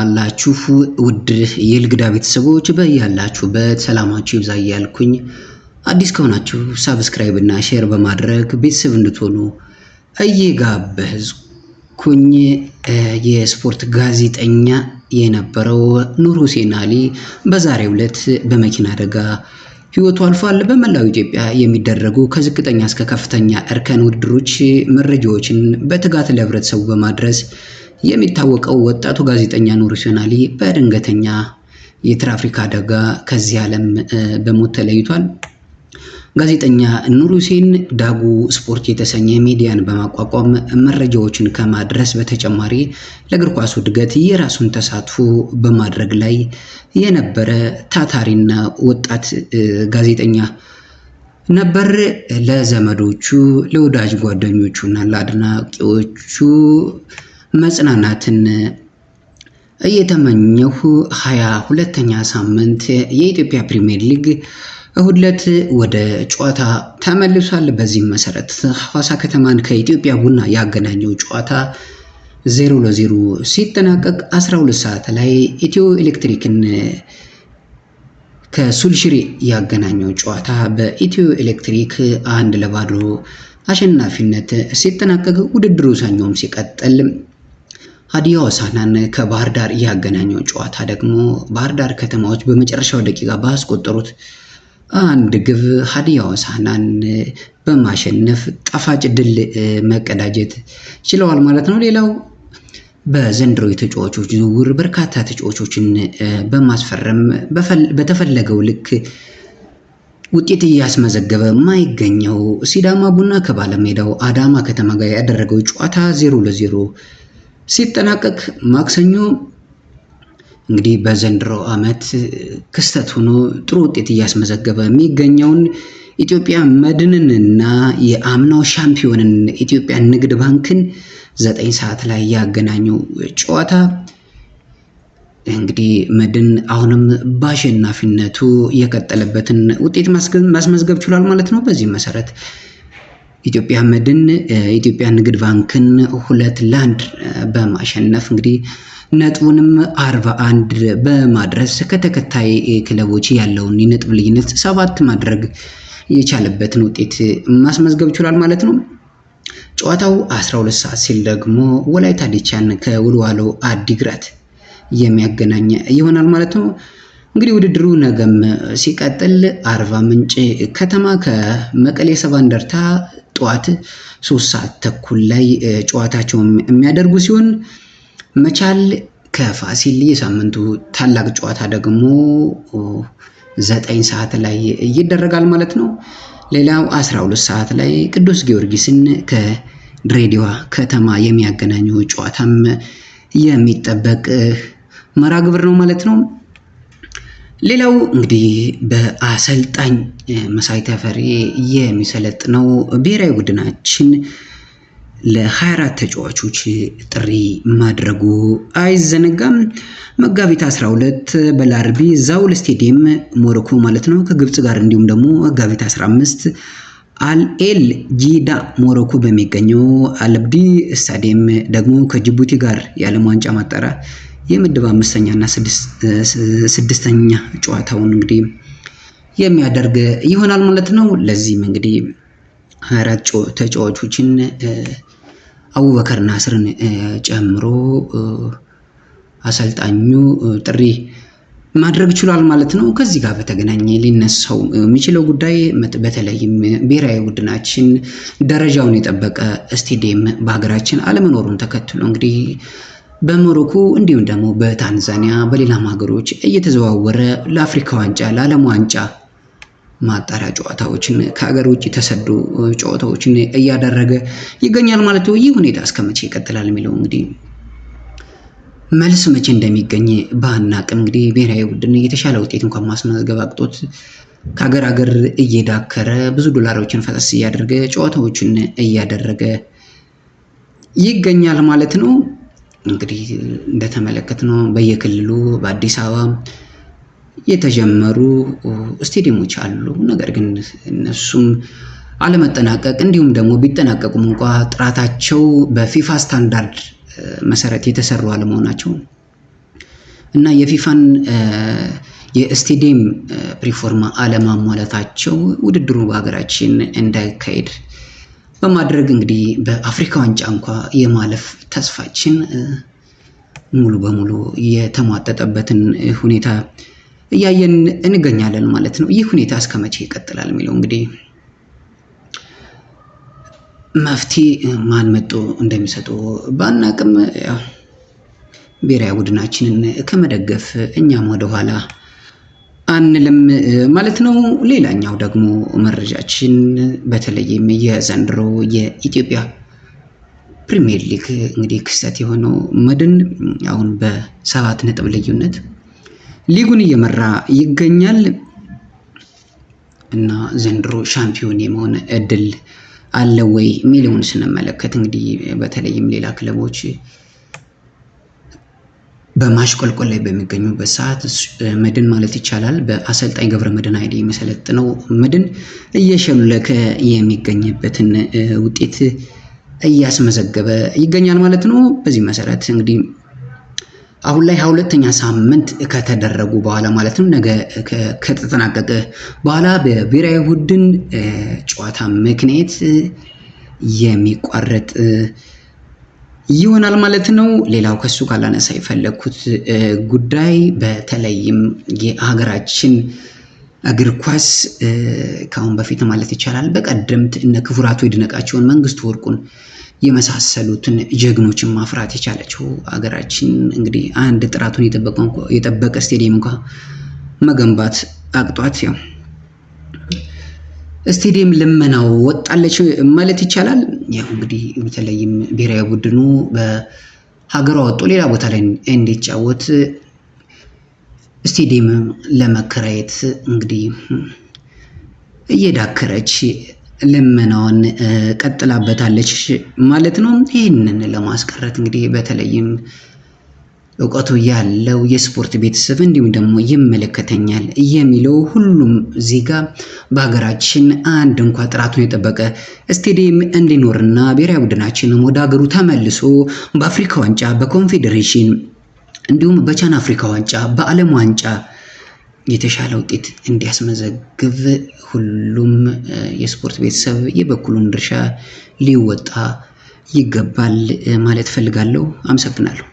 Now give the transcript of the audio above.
አላችሁ ውድ የልግዳ ቤተሰቦች በያላችሁበት ሰላማችሁ ይብዛ እያልኩኝ አዲስ ከሆናችሁ ሳብስክራይብ እና ሼር በማድረግ ቤተሰብ እንድትሆኑ እየጋበዝኩኝ የስፖርት ጋዜጠኛ የነበረው ኑር ሁሴን አሊ በዛሬው ዕለት በመኪና አደጋ ህይወቱ አልፏል። በመላው ኢትዮጵያ የሚደረጉ ከዝቅተኛ እስከ ከፍተኛ እርከን ውድድሮች መረጃዎችን በትጋት ለህብረተሰቡ በማድረስ የሚታወቀው ወጣቱ ጋዜጠኛ ኑርሸን አሊ በድንገተኛ የትራፊክ አደጋ ከዚህ ዓለም በሞት ተለይቷል። ጋዜጠኛ ሁሴን ዳጉ ስፖርት የተሰኘ ሚዲያን በማቋቋም መረጃዎችን ከማድረስ በተጨማሪ ለእግር ኳሱ እድገት የራሱን ተሳትፎ በማድረግ ላይ የነበረ ታታሪና ወጣት ጋዜጠኛ ነበር። ለዘመዶቹ፣ ለወዳጅ ጓደኞቹ እና ለአድናቂዎቹ መጽናናትን እየተመኘሁ ሀያ ሁለተኛ ሳምንት የኢትዮጵያ ፕሪሚየር ሊግ እሁድ ዕለት ወደ ጨዋታ ተመልሷል። በዚህም መሰረት ሐዋሳ ከተማን ከኢትዮጵያ ቡና ያገናኘው ጨዋታ ዜሮ ለዜሮ ሲጠናቀቅ 12 ሰዓት ላይ ኢትዮ ኤሌክትሪክን ከሱልሽሪ ያገናኘው ጨዋታ በኢትዮ ኤሌክትሪክ አንድ ለባዶ አሸናፊነት ሲጠናቀቅ ውድድሩ ሰኞም ሲቀጥል ሀዲያ ሆሳዕናን ከባህር ዳር ያገናኘው ጨዋታ ደግሞ ባህር ዳር ከተማዎች በመጨረሻው ደቂቃ ባስቆጠሩት አንድ ግብ ሀዲያ ሆሳዕናን በማሸነፍ ጣፋጭ ድል መቀዳጀት ችለዋል ማለት ነው። ሌላው በዘንድሮ የተጫዋቾች ዝውውር በርካታ ተጫዋቾችን በማስፈረም በተፈለገው ልክ ውጤት እያስመዘገበ ማይገኘው ሲዳማ ቡና ከባለሜዳው አዳማ ከተማ ጋር ያደረገው ጨዋታ ዜሮ ለዜሮ ሲጠናቀቅ ማክሰኞ እንግዲህ በዘንድሮ ዓመት ክስተት ሆኖ ጥሩ ውጤት እያስመዘገበ የሚገኘውን ኢትዮጵያ መድንንና የአምናው ሻምፒዮንን ኢትዮጵያ ንግድ ባንክን ዘጠኝ ሰዓት ላይ ያገናኘው ጨዋታ እንግዲህ መድን አሁንም በአሸናፊነቱ የቀጠለበትን ውጤት ማስመዝገብ ችሏል ማለት ነው። በዚህ መሰረት ኢትዮጵያ መድን የኢትዮጵያ ንግድ ባንክን ሁለት ለአንድ በማሸነፍ እንግዲህ ነጥቡንም አርባ አንድ በማድረስ ከተከታይ ክለቦች ያለውን የነጥብ ልዩነት ሰባት ማድረግ የቻለበትን ውጤት ማስመዝገብ ይችላል ማለት ነው። ጨዋታው 12 ሰዓት ሲል ደግሞ ወላይታ ዲቻን ከውልዋሎ አዲግራት የሚያገናኝ ይሆናል ማለት ነው። እንግዲህ ውድድሩ ነገም ሲቀጥል አርባ ምንጭ ከተማ ከመቀሌ ሰባ እንደርታ ጠዋት ሶስት ሰዓት ተኩል ላይ ጨዋታቸውን የሚያደርጉ ሲሆን መቻል ከፋሲል የሳምንቱ ታላቅ ጨዋታ ደግሞ ዘጠኝ ሰዓት ላይ ይደረጋል ማለት ነው። ሌላው 12 ሰዓት ላይ ቅዱስ ጊዮርጊስን ከድሬዳዋ ከተማ የሚያገናኙ ጨዋታም የሚጠበቅ መራግብር ግብር ነው ማለት ነው። ሌላው እንግዲህ በአሰልጣኝ መሳይ ተፈሪ የሚሰለጥነው ብሔራዊ ቡድናችን ለ24 ተጫዋቾች ጥሪ ማድረጉ አይዘነጋም። መጋቢት 12 በላርቢ ዛውል ስቴዲየም ሞሮኮ ማለት ነው ከግብፅ ጋር እንዲሁም ደግሞ መጋቢት 15 አልኤል ጂዳ ሞሮኮ በሚገኘው አልብዲ ስታዲየም ደግሞ ከጅቡቲ ጋር የዓለም ዋንጫ ማጣሪያ የምድብ አምስተኛና ስድስተኛ ጨዋታውን እንግዲህ የሚያደርግ ይሆናል ማለት ነው። ለዚህም እንግዲህ ሀያ አራት ተጫዋቾችን አቡበከር ናስርን ጨምሮ አሰልጣኙ ጥሪ ማድረግ ችሏል ማለት ነው። ከዚህ ጋር በተገናኘ ሊነሳው የሚችለው ጉዳይ በተለይም ብሔራዊ ቡድናችን ደረጃውን የጠበቀ ስቴዲየም በሀገራችን አለመኖሩን ተከትሎ እንግዲህ በሞሮኮ እንዲሁም ደግሞ በታንዛኒያ በሌላም ሀገሮች እየተዘዋወረ ለአፍሪካ ዋንጫ ለዓለም ዋንጫ ማጣሪያ ጨዋታዎችን ከሀገር ውጭ የተሰዱ ጨዋታዎችን እያደረገ ይገኛል ማለት ነው። ይህ ሁኔታ እስከ መቼ ይቀጥላል የሚለው እንግዲህ መልስ መቼ እንደሚገኝ ባናቅም እንግዲህ ብሔራዊ ቡድን የተሻለ ውጤት እንኳን ማስመዝገብ አቅጦት ከሀገር ሀገር እየዳከረ ብዙ ዶላሮችን ፈሰስ እያደረገ ጨዋታዎችን እያደረገ ይገኛል ማለት ነው። እንግዲህ እንደተመለከት ነው በየክልሉ በአዲስ አበባ የተጀመሩ ስቴዲየሞች አሉ። ነገር ግን እነሱም አለመጠናቀቅ እንዲሁም ደግሞ ቢጠናቀቁም እንኳ ጥራታቸው በፊፋ ስታንዳርድ መሰረት የተሰሩ አለመሆናቸው እና የፊፋን የስቴዲየም ሪፎርማ አለማሟለታቸው ውድድሩ በሀገራችን እንዳይካሄድ በማድረግ እንግዲህ በአፍሪካ ዋንጫ እንኳ የማለፍ ተስፋችን ሙሉ በሙሉ የተሟጠጠበትን ሁኔታ እያየን እንገኛለን ማለት ነው። ይህ ሁኔታ እስከ መቼ ይቀጥላል የሚለው እንግዲህ መፍትሄ ማን መጦ እንደሚሰጡ ባናቅም ብሔራዊ ቡድናችንን ከመደገፍ እኛም ወደኋላ አንልም ማለት ነው። ሌላኛው ደግሞ መረጃችን በተለይም የዘንድሮ የኢትዮጵያ ፕሪሚየር ሊግ እንግዲህ ክስተት የሆነው መድን አሁን በሰባት ነጥብ ልዩነት ሊጉን እየመራ ይገኛል እና ዘንድሮ ሻምፒዮን የመሆን እድል አለ ወይ የሚለውን ስንመለከት እንግዲህ በተለይም ሌላ ክለቦች በማሽቆልቆል ላይ በሚገኙበት ሰዓት መድን ማለት ይቻላል በአሰልጣኝ ገብረ መድን አይዲ የሚሰለጥነው መድን እየሸለከ የሚገኝበትን ውጤት እያስመዘገበ ይገኛል ማለት ነው። በዚህ መሰረት እንግዲህ አሁን ላይ ሁለተኛ ሳምንት ከተደረጉ በኋላ ማለት ነው ነገ ከተጠናቀቀ በኋላ በብሔራዊ ቡድን ጨዋታ ምክንያት የሚቋረጥ ይሆናል ማለት ነው። ሌላው ከሱ ጋር ላነሳ የፈለግኩት ጉዳይ በተለይም የሀገራችን እግር ኳስ ከአሁን በፊት ማለት ይቻላል በቀደምት እነ ክቡራቱ ይድነቃቸውን መንግስቱ ወርቁን የመሳሰሉትን ጀግኖችን ማፍራት የቻለችው ሀገራችን እንግዲህ አንድ ጥራቱን የጠበቀ ስቴዲየም እንኳ መገንባት አቅጧት ያው ስቴዲየም ልመናው ወጣለች ማለት ይቻላል። ያው እንግዲህ በተለይም ብሔራዊ ቡድኑ በሀገሯ ወጥቶ ሌላ ቦታ ላይ እንዲጫወት ስቴዲየም ለመከራየት እንግዲህ እየዳከረች ልመናውን ቀጥላበታለች ማለት ነው። ይህንን ለማስቀረት እንግዲህ በተለይም እውቀቱ ያለው የስፖርት ቤተሰብ እንዲሁም ደግሞ ይመለከተኛል የሚለው ሁሉም ዜጋ በሀገራችን አንድ እንኳ ጥራቱን የጠበቀ ስቴዲየም እንዲኖርና ብሔራዊ ቡድናችንም ወደ ሀገሩ ተመልሶ በአፍሪካ ዋንጫ፣ በኮንፌዴሬሽን እንዲሁም በቻን አፍሪካ ዋንጫ፣ በዓለም ዋንጫ የተሻለ ውጤት እንዲያስመዘግብ ሁሉም የስፖርት ቤተሰብ የበኩሉን ድርሻ ሊወጣ ይገባል ማለት ፈልጋለሁ። አመሰግናለሁ።